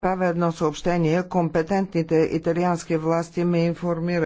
Правя едно съобщение. Компетентните италиански власти ме информират.